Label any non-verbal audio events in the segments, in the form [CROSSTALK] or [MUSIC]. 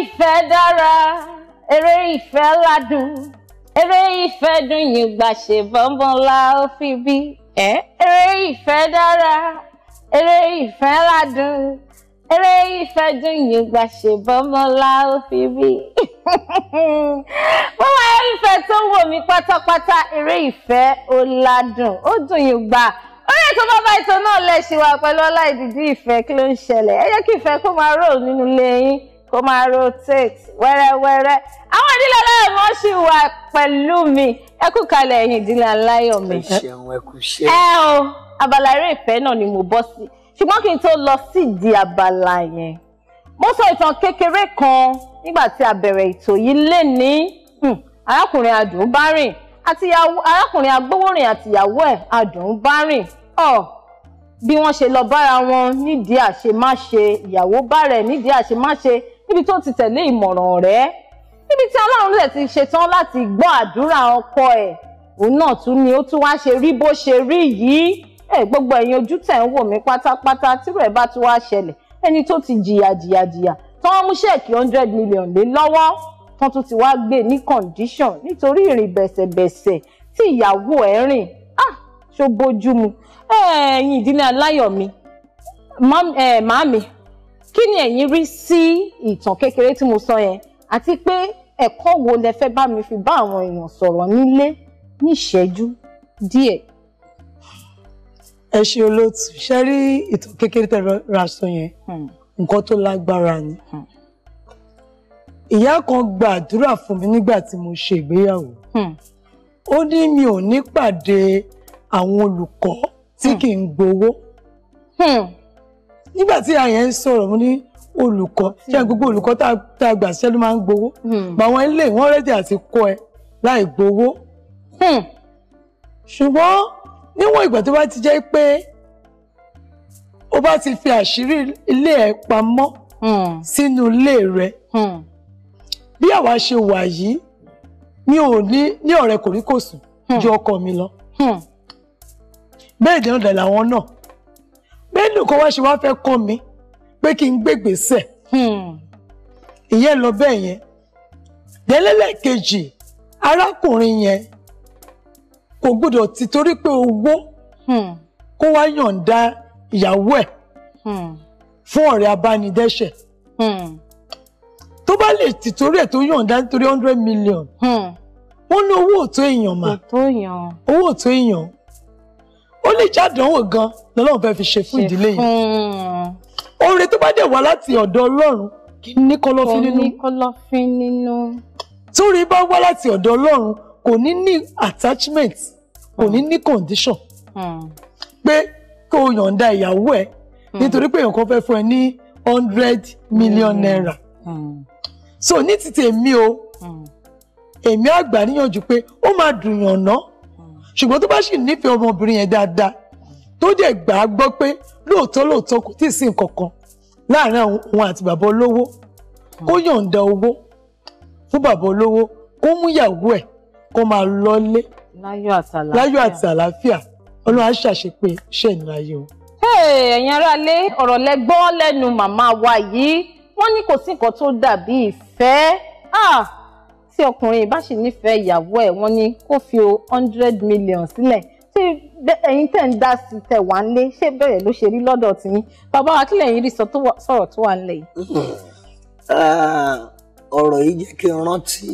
ìfẹ́ dára eré ìfẹ́ ládùn eré ìfẹ́ dùn yín gbàṣẹ bọ́nbọ́n la ó fi bí eré ìfẹ́ dára eré ìfẹ́ ládùn eré ìfẹ́ dùn yín gbàṣẹ bọ́nbọ́n la ó fi bí. wọ́n [LAUGHS] wá eré ìfẹ́ tó wò mí pátápátá eré ìfẹ́ ó ládùn ó dùn yín gbà orí ètò bàbá ètò náà lẹ̀ ṣì wà pẹ̀lú Ọláìdìdí ìfẹ́ kí ló ń ṣẹlẹ̀ ẹ jẹ́ kí ìfẹ́ kó máa roll nínú ilé yín kó máa rotate wẹ́rẹ́wẹ́rẹ́ àwọn ìdílé aláyọ̀ wọn sì wà pẹ̀lú mi ẹ kú kalẹ̀ ẹ̀yin ìdílé aláyọ̀ mi. ẹ ṣeun ẹ kú ṣe. ẹ o abala eré ìfẹ́ náà ni mo bọ́ sí ṣùgbọ́n kí n tó lọ sídìí abala yẹn mo sọ ìtàn kékeré kan nígbà tí a bẹ̀rẹ̀ ètò yìí lé ní hmm, arákùnrin Adùnbárìn àti arákùnrin agbowórin àtìyàwó ẹ̀ Adùnbárìn bí wọ́n ṣe lọ bára wọn nídìí àṣemáṣe ìyàwó bá rẹ̀ nídìí àṣemáṣe níbi tó ti tẹ̀lé ìmọ̀ràn ọ̀rẹ́ níbi tí ọlọ́run lè ti ṣetán láti gbọ́ àdúrà ọkọ ẹ̀ òun náà tún ni ó tún wá ṣe rí bó ṣe rí yìí ẹ gbogbo ẹ̀yin ojú tẹ̀ ń wò mí pátápátá tírú ẹ̀ bá tún wá ṣẹlẹ̀ ẹni tó ti jìyà jìyà jìyà tó ń mú ṣẹ́ẹ̀kì hundred million lé lọ́wọ́ tó tún ti wá gbé ní condition nítorí ìrìn bẹ̀sẹ̀bẹ̀sẹ̀ tí ìyàwó ẹ̀ rìn ah ṣó bójú mu ẹ̀yin ìdílé aláyọ̀ mi màmí kí ni ẹ̀yin rí sí ìtàn kékeré tí mo sọ yẹn àti pé ẹ̀kọ́ wo lẹ fẹ́ bá mi fi bá àwọn èèyàn sọ̀rọ̀ nílé ní ìṣẹ́jú díẹ̀. ẹ ṣe olóòtú ṣe rí ìtàn kékeré tẹ ra sọ yẹn hmm. nǹkan tó lágbára ni hmm. ìyá kan gbàdúrà fún mi nígbà tí mo ṣe ìgbéyàwó hmm. ó ní mi ò ní pàdé àwọn olùkọ́ tí kì í gbowó nígbà tí àyẹ̀ ń sọ̀rọ̀ mo ní olùkọ́ ṣé gbogbo olùkọ́ tá a gbà ṣẹ́ ló máa ń gbowó hmm. bàwọn ilé wọn rẹ́dí àti kọ́ ẹ láì gbowó hmm. ṣùgbọ́n níwọ̀n ìgbà tó bá ti jẹ́ pé o bá ti fi àṣírí ilé ẹ pamọ́ hmm. sínú ilé rẹ bí àwa ṣe wà yìí mi ò ní ní ọ̀rẹ́ kòríkòsùn ju ọkọ mi lọ bẹ́ẹ̀ dẹ́rùn dẹ̀ làwọn náà nìkan wá ṣe wá fẹ́ kọ́ mi pé kí n gbégbèsẹ̀ hmm. ìyẹn lọ bẹ́ẹ̀ yẹn délẹ́lẹ́kejì arákùnrin yẹn kò gbọ́dọ̀ ti torí pé owó hmm. kó wá yọ̀ǹda ìyàwó ẹ̀ hmm. fún ọ̀rẹ́ abánidẹ́ṣẹ̀ tó bá lè ti torí ẹ̀ tó yọ̀ǹda nítorí hundred million wọ́n ní owó òtó èèyàn mà owó òtó èèyàn ó lè jẹ́ àdánwò gan lọ́lọ́run fẹ́ fi ṣe fún ìdílé yìí oore tó bá dẹ̀ wá láti ọ̀dọ̀ ọlọ́run kì í ní kọ̀lọ̀fín nínú. kò ní kọ̀lọ̀fín torí bá wá láti ọ̀dọ̀ ọlọ́run kò ní ní attachment kò ní ní condition hmm. pé kó o yọ̀ǹda ìyàwó ẹ̀ hmm. nítorí pé èèyàn kan fẹ́ fún ẹ ní hundred million hmm. naira so ní ti tèmi o èmi àgbà níyànjú pé ó máa dùn yàn náà ṣùgbọ́n tó bá sì nífẹ̀ẹ́ ọmọbìnrin yẹn dáadáa tó dẹ̀ gbà á gbọ́ pé lóòótọ́ lóòótọ́ kò tí ì sí nǹkan kan láàárín òun àti bàbá olówó kó yọ̀ǹda owó fún bàbá olówó kó mú ìyàwó ẹ̀ kó máa lọ́lé láyọ̀ àti àlàáfíà ọlọ́run á ṣàṣepé iṣẹ́ ìnira yìí o. ẹ̀yin aráalé ọ̀rọ̀ lẹ gbọ́ lẹ́nu màmá wa yìí wọ́n ní kò sí nǹkan tó dàbí ìfẹ́ ah! tí ọkùnrin bá sì nífẹ̀ẹ́ ìyàwó ẹ̀ wọ́n ní kó fi o hundred million sílẹ̀ tí ẹ̀yin tẹ̀ ń dá sí tẹ̀ wá ń lé ṣé bẹ̀rẹ̀ ló ṣe rí lọ́dọ̀ tiyín bàbá wa kílẹ̀ yín rí sọ̀rọ̀ tó wà ń lẹ̀ yìí. [LAUGHS] Ah, ọ̀rọ̀ yìí jẹ́ kí n rántí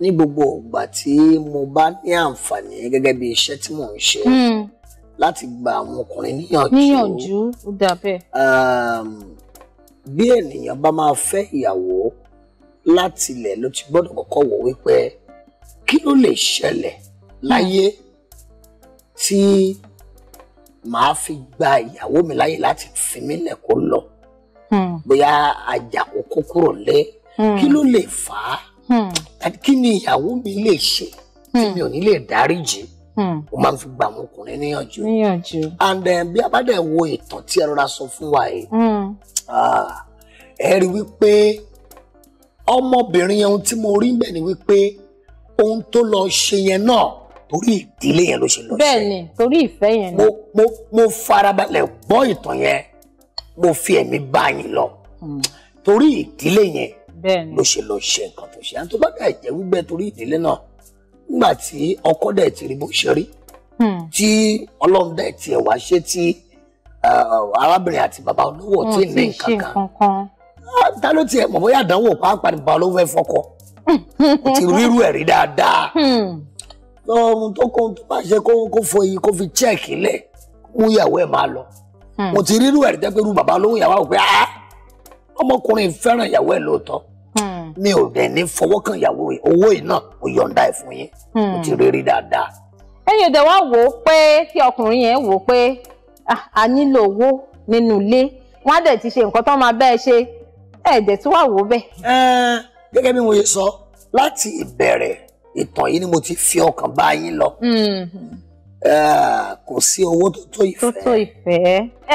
ní gbogbo ìgbà tí mo bá ní àǹfààní gẹ́gẹ́ bí iṣẹ́ tí mò ń ṣe hmm. láti gba àwọn ọkùnrin níyànjú. níyànjú ó dà bẹ́ẹ̀. Ah, bí ènìyàn bá máa fẹ́ ìyàwó láti ilẹ̀ ló ti gbọ́dọ̀ kọ́kọ́ wò wípé kí ló lè ṣẹlẹ̀ láyé tí màá fi gba ìyàwó mi láyè láti fi mí lẹ̀ kó lọ hmm. bóyá ajá kókó kúrò lé hmm. kí ló lè fà á hmm. tàbí kí ni ìyàwó mi lè ṣe tí mi ò ní lè dáríjì ó máa ń fi gba àwọn ọkùnrin níyànjú and eh, bí a bá dẹ̀ wo ìtàn tí ẹ rọra sọ fún wa yìí ah, ẹ rí wípé ọmọbìnrin yẹn ohun tí mo rí bẹ́ẹ̀ ni wípé ohun tó lọ ṣe yẹn náà torí ìdílé yẹn ló ṣe lọ ṣe. bẹ́ẹ̀ni torí ìfẹ́ yẹn náà. mo mo mo farabalẹ̀ gbọ́ ìtàn yẹn mo fi ẹ̀mí bá yín lọ hmm. torí ìdílé yẹn ló ṣe lọ ṣe nǹkan tó ṣe àtúbọ̀ dà jẹ́ wípé torí ìdílé náà nígbà tí ọkọ dẹ̀ ti rí bó ṣe rí hmm. tí ọlọ́run dẹ̀ tiẹ̀ wá ṣe tí ah, arábìnrin àti bàbá olówó tí ní nǹkan kan ta ló tiẹ̀ mọ̀ bóyá àdánwò pàápàá nípa ló fẹ́ fọkọ o ti rírú ẹ̀rí dáadáa ohun tó kó tó bá ṣe kó fo yìí kó fi chẹ́ẹ̀kì lẹ̀ mú ìyàwó ẹ̀ máa lọ hmm. mo ti rírú ẹ̀rí jẹ́ pé irú bàbá lóhùn ìyàwó àwọn pé ah ọmọkùnrin fẹ́ràn ìyàwó ẹ̀ lóòótọ́ hmm. mi ò dẹ̀ ní fọwọ́ kan ìyàwó owó yìí náà mo yọ̀ǹda ẹ̀ fún yín hmm. mo ti rírí dáadáa. ẹ̀yin òde wa wò ó pé tí ọkùnrin yẹn wò ó pé ah, a nílò owó nínú ilé wọn á dẹ̀ ti ṣe nǹkan tó máa bẹ́ẹ̀ ṣe ẹ̀ẹ́dẹ̀ tó wà wò bẹ́ẹ̀. gẹ́gẹ́ bí mo ṣe sọ láti ìbẹ̀rẹ̀ ìtàn yìí ni mo ti fi ọkàn bá yín lọ mm-hmm. kò sí owó tó tó ìfẹ́. tó tó ìfẹ́.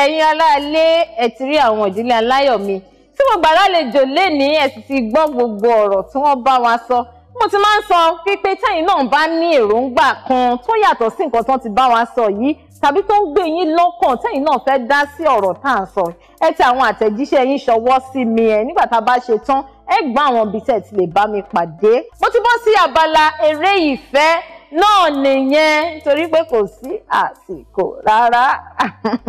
ẹ̀yin aláàlé ẹ ti rí àwọn ìdílé aláyọ̀ mi tí mo gbà lálejò lénìí ẹ sì ti gbọ́ gbogbo ọ̀rọ̀ tí wọ́n bá wa sọ. So mo ti máa ń sọ pípé tẹ́yìn náà bá ní èròǹgbà kan tó yàtọ̀ sí nǹkan tó ti bá wa sọ yìí tàbí tó ń gbé yín lọ́kàn tẹ́yìn náà fẹ́ dá sí ọ̀rọ̀ tá à ń sọ ẹ tẹ àwọn àtẹ̀jíṣẹ́ yín ṣọwọ́ sí mi ẹ nígbà tá a bá ṣe tán ẹ gbọ́ àwọn ibi tẹ́ ti lè bá mi pàdé. mo ti bọ́ sí abala eré ìfẹ́ náà nìyẹn torí pé kò sí àsìkò rárá. [LAUGHS]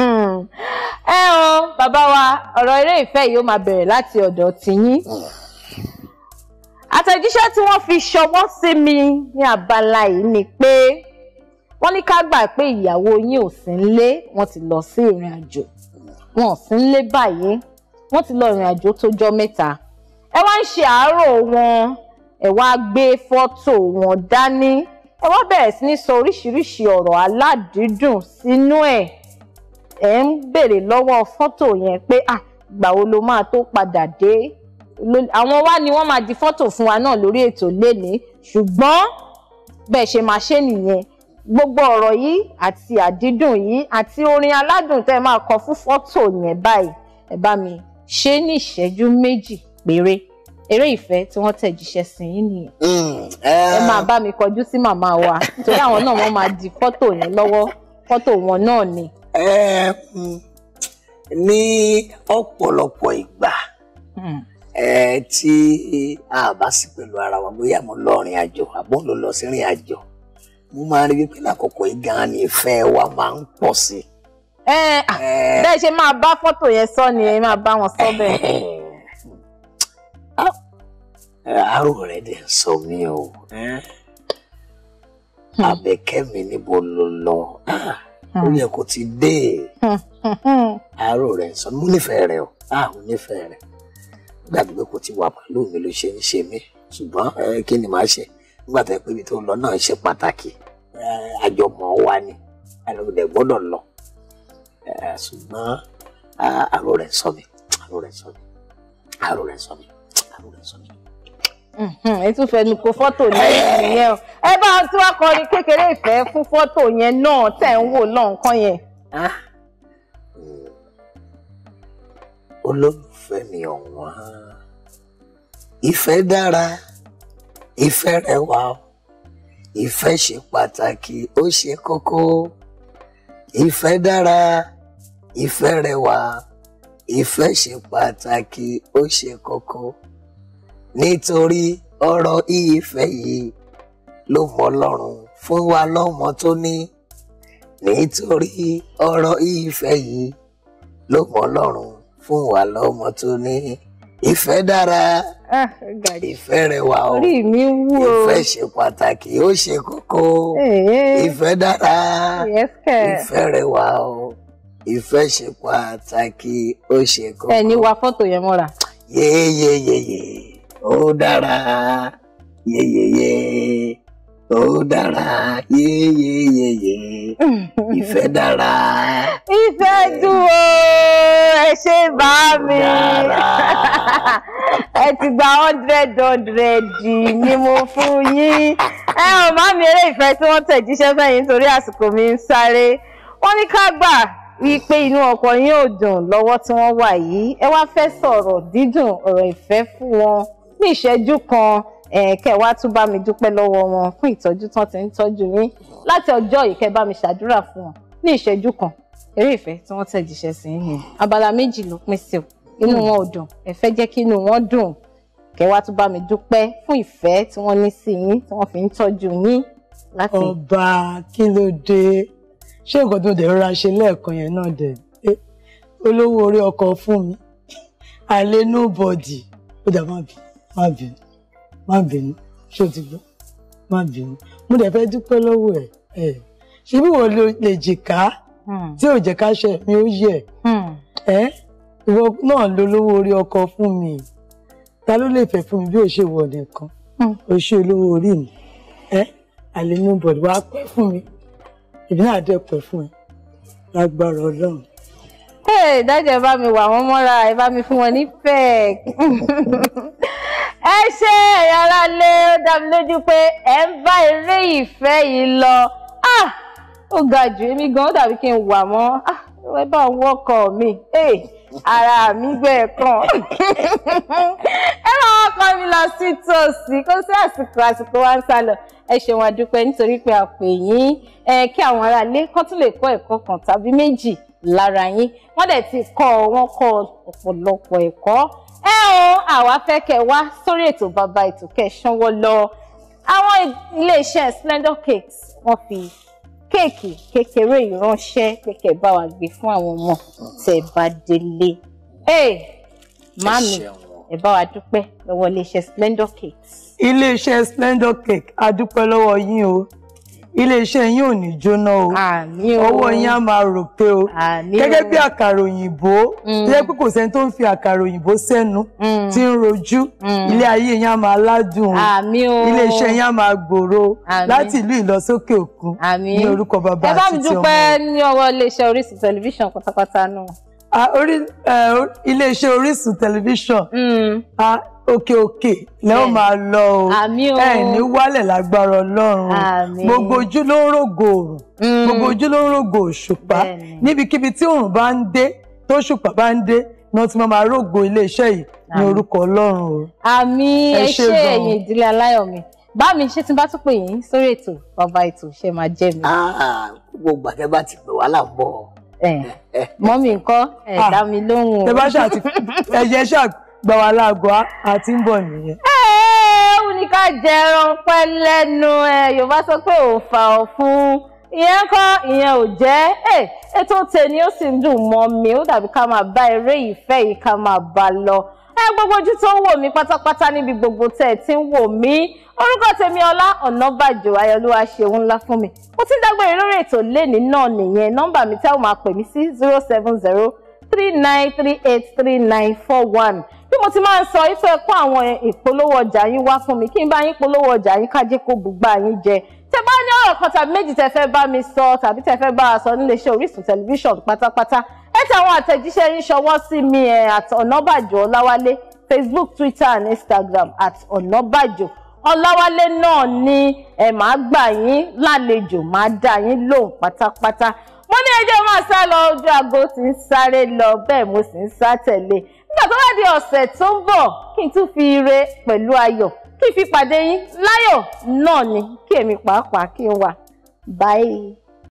ẹ o bàbá wa ọ̀rọ̀ eré ìfẹ́ yìí ó máa bẹ̀rẹ̀ láti ọ̀dọ̀ tiyín àtẹ̀jíṣẹ́ tí wọ́n fi ṣọwọ́ sí mi ní abala yìí ni pé wọ́n ní ká gbà pé ìyàwó yín ò sí nílé wọ́n ti lọ sí ìrìn àjò wọn ò sí nílé báyìí wọ́n ti lọ ìrìn àjò tó jọ mẹ́ta ẹ wá ń ṣe àárò wọn ẹ wá gbé fọ́tò wọn dání ẹ wá bẹ̀rẹ̀ sí ní sọ oríṣiríṣi ọ̀rọ̀ aládìídùn sínú ẹ̀ ẹ̀ ń béèrè lọ́wọ́ fọ́tò yẹn pé à gbà wo lo máa tó padà dé àwọn wá ni wọ́n máa di fọ́tò fún wa náà lórí ètò lénìí ṣùgbọ́n bẹ́ẹ̀ ṣe máa ṣe nìyẹn gbogbo ọ̀rọ̀ yìí àti àdídùn yìí àti orin aládùn tẹ́ ẹ máa kọ fún fọ́tò yẹn báyìí ẹ bá mi ṣe ní ìṣẹ́jú méjì péré eré ìfẹ́ tí wọ́n tẹ̀ jíṣẹ́ sí yín nìyẹn mm, eh. ẹ máa bá mi kọjú sí màmá wa torí àwọn náà wọ́n máa di fọ́tò yẹn lọ́wọ́ fọ́tò wọn náà ni. ní ọ̀pọ̀lọpọ̀ ìgbà. Hmm ẹ tí a bá sì pẹ̀lú ara wa bóyá mo lọ rìn àjò àbọ̀ ló lọ sí rìn àjò mo máa rí wípé lákòókò yìí gan-an ni ìfẹ́ wa máa ń pọ̀ sí i. ẹ ẹ bẹ́ẹ̀ ṣe máa bá fọ́tò yẹn sọ ni ẹ máa bá wọn sọ bẹ́ẹ̀. àárò ah, rẹ dẹ̀ ń sọ mí o àbẹ̀kẹ́ mi níbo ló lọ ah, ó yẹ kó ti dé àárò hmm, hmm, hmm. rẹ ń sọ mo nífẹ̀ẹ́ rẹ o àwọn ah, nífẹ̀ẹ́ rẹ dàbí pé kò ti wà pẹ̀lú mi ló ṣe ń ṣe mí ṣùgbọ́n kí ni màá ṣe nígbà tó yẹ pé ibi tó ń lọ náà ṣe pàtàkì àjọmọ̀ wa ni àlọ́gbẹ̀dẹ̀ gbọ́dọ̀ lọ ṣùgbọ́n àrò rẹ̀ sọ mi àrò rẹ̀ sọ mi àrò rẹ̀ sọ mi àrò rẹ̀ sọ mi. ẹ fẹnu kó fọ́tò ní ìyẹn o ẹ bá tí wàá kọrin kékeré ìfẹ́ fún fọ́tò yẹn náà tẹ̀ ń wò lọ́nkán yẹn. Ah, olólùfẹ́ mi ọ̀wọ́n ìfẹ́ dára ìfẹ́ rẹwà ìfẹ́ ṣe pàtàkì ó ṣe kókó ìfẹ́ dára ìfẹ́ rẹwà ìfẹ́ ṣe pàtàkì ó ṣe kókó nítorí ọ̀rọ̀ ìfẹ́ yìí ló mọ Ọlọ́run fún wa lọ́mọ tó ní nítorí ọ̀rọ̀ ìfẹ́ yìí ló mọ Ọlọ́run fún wa lọ́mọ tó ní ìfẹ́ dára ìfẹ́ rẹwà o ìfẹ́ ṣe pàtàkì ó ṣe kókó ìfẹ́ dára ìfẹ́ rẹwà o ìfẹ́ ṣe pàtàkì ó ṣe kókó. ẹni wa fọ́tò yẹn mọ́ra. yeyeyeye ó dára yeyeye ó dára yeyeyeye [LAUGHS] ìfẹ́ dára ìfẹ́ dùn o ẹ ṣe bá mi ẹ ti gba hundred hundred ni mo fún yín ẹ ò má mi eré ìfẹ́ tí wọ́n tẹ̀ jíṣẹ́ fẹ́yìn torí àsìkò mi ń sáré wọ́n ní ká gbà wípé inú ọkọ yín ò dùn lọ́wọ́ tí wọ́n wà yìí ẹ wá fẹ́ sọ̀rọ̀ dídùn ọ̀rọ̀ ìfẹ́ fún wọn ní ìṣẹ́jú kan kẹ wá tún bá mi dúpẹ́ lọ́wọ́ wọn fún ìtọ́jú tán ti ń tọ́jú yín láti ọjọ́ yìí kẹ bá mi ṣàdúrà fún wọn ní ìṣẹ́jú kan eré ìfẹ́ tí wọ́n tẹ̀ jíṣẹ́ sí yìí abala méjì ló pín sí o inú hmm. wọn ò dùn ẹ fẹ́ jẹ́ kí inú wọn dùn kẹ́ wá tún bá mi dúpẹ́ fún ìfẹ́ tí wọ́n ní sí yín tí wọ́n fi ń tọ́jú yín láti. ọba kí ló dé ṣé nǹkan tó dẹ̀ rọra ṣe lẹ́ẹ̀kan yẹn náà dẹ̀ eh, olówó orí ọkọ̀ fún mi àlẹ́ [LAUGHS] nobody ó dà má bínú má bínú má bínú ṣó ti gbọ́ má bínú mo dẹ̀ fẹ́ dúpẹ́ lọ́wọ́ ẹ̀ ṣé bí wọ́n lè jìkà Hmm. tí ò jẹ́ káṣẹ mi ó yẹ hmm. ẹ́ ìwọ náà lo lówó orí ọkọ fún mi ta ló lè fẹ́ fún mi bí ò ṣe wọ̀ nìkan ò hmm. ṣe olówó orí mi ẹ́ àlẹ́nu bọ̀dù wá pẹ́ fún mi ìbí náà dẹ̀ pẹ́ fún ẹ lágbára ọlọ́run. Hey, dájọ́ ẹ bá mi wà wọ́n mọ́ra ẹ bá mi fún wọn ní [LAUGHS] ẹ ṣe ẹ̀yà ara lé ó dá mi lójú pé ẹ ń bá eré ìfẹ́ yìí lọ. Ah! ó ga jù èmi gan dàbí kí n wà mọ́ ah, ẹ bá ń wọ́kọ̀ mi eh, ara mi gbẹ kan ẹ máa wọ́kọ̀ mi lọ sí tòsí kó sí àsìkò àsìkò wa ń sálọ ẹ ṣeun àdúpẹ́ nítorí pé a pè yín kí àwọn aráalé kó tún lè kọ́ ẹ̀kọ́ kan tàbí méjì lára yín wọ́n dẹ̀ ti kọ́ wọ́n kọ́ ọ̀pọ̀lọpọ̀ ẹ̀kọ́ ẹ o àwa fẹ́ kẹ́ wá sórí ètò bàbá ètò kẹsànwọ́ lọ àwọn iléeṣẹ́ Splendor Cakes wọ́n fi kéèkì kékeré ìránṣẹ́ kékeré bá wa gbé fún àwọn ọmọ tẹ́ ẹ bá délé. mami ẹ bá wa dúpẹ́ lọ́wọ́ iléeṣẹ́ Splendor Cakes. iléeṣẹ́ Splendor Cake a dúpẹ́ lọ́wọ́ yín o iléeṣẹ́ yín ò ní jóná o owó yín á máa rò pé o gẹ́gẹ́ bí àkàrà òyìnbó mm. tó yẹ pé kò sẹ́ni tó ń fi àkàrà òyìnbó sẹ́nu mm. tí ń rojú mm. ilé ayé yín á máa ládùn o iléeṣẹ́ yín á máa gbòòrò láti ìlú ìlọsókè òkun ní orúkọ bàbá àti ti ọmọ. ẹ bá mi dúpẹ́ ní ọwọ́ iléeṣẹ́ Orísun tẹlifíṣàn pátápátá náà. iléeṣẹ́ Orísun tẹlifíṣàn òkè òkè lẹ ó máa lọ o ẹ ní wálẹ̀ lágbára ọlọ́run gbogbo ojú ló ń rògò òrùn mm. gbogbo ojú ló ń rògò òṣùpá níbikíbi tí òrùn bá ń dé tó ṣùpá bá ń dé náà tí wọ́n máa rògò iléeṣẹ́ yìí ní orúkọ ọlọ́run o. àmì ẹ ṣé ìdílé aláyọ̀ mi bá mi ṣe tí n bá tún pè yín sórí ètò bàbá ètò ṣe máa jẹ mi. Ah, gbogbo àtẹ bá ti pè wá ń bọ̀. mọ́mí nǹkan ẹ ah. mi lóhùn ẹ bá ṣáà ti [LAUGHS] ẹ̀yẹ ṣáà gbàwá láàgọ́ àti ń bọ̀ nìyẹn. ó ní ká jẹ ẹran pẹ́ lẹ́nu ẹ yorùbá sọ pé ò fà ọ́ fún ìyẹn kọ́ ìyẹn ò jẹ́ ètò tèmi ó sì ń dùn mọ́ mi ó dàbí ká máa bá eré ìfẹ́ yìí ká máa bá lọ ẹ gbogbo ojú tó ń wò mí pátápátá níbi gbogbo tẹ ẹ ti ń wò mí orúkọ tèmi Ọlá Ọ̀nàbàjọ́ ayọ̀lúwa ṣeun ńlá fún mi mo ti ń dágbére lórí ètò lẹ́ni náà nìyẹn nọ́mbà mi tẹ́ ò máa pè mí sí zero seven zero three nine three eight three nine four one bí mo ti máa ń sọ ife kó àwọn ìpolówó ọjà yín wá fún mi kí n bá yín polówó ọjà yín kájé kó gbùgbà yín jẹ tẹ bá ní ọ̀rọ̀ kan tàbí méjì tẹ fẹ́ bá mi sọ tàbí tẹ fẹ́ bá a sọ nílé iṣẹ́ Orísun tẹlifíṣọ̀n pátápátá ẹ tẹ àwọn àtẹ̀jíṣẹ́ yín ṣọwọ́ sí mi ẹ̀ at Ọ̀nàbàjò Facebook Twitter and Instagram at Ọ̀nàbàjò Ọláwálé náà ni ẹ máa gbà yín lálejò máa dá yín lóhùn pátápátá mo ní ẹjọ́ máa sá lọ ojú aago sì ń sáré lọ bẹ́ẹ̀ mo sì ń sá tẹ̀lé tó bá di ọ̀sẹ̀ tó ń bọ̀ kí n tún fi ire pẹ̀lú ayọ̀ kí n fi pàdé yín láyọ̀ náà ni kí èmi pàápàá kí n wà báyìí.